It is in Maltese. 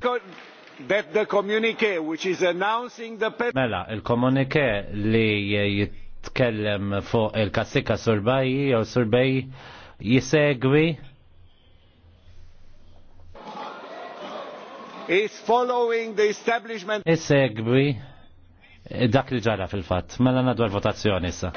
That the communique which is announcing the Mela, il communique li jitkellem fuq il-kassika surbaji jew surbaji jisegwi is following the establishment. Isegwi dak li ġara fil-fatt. Mela nadwar votazzjoni sa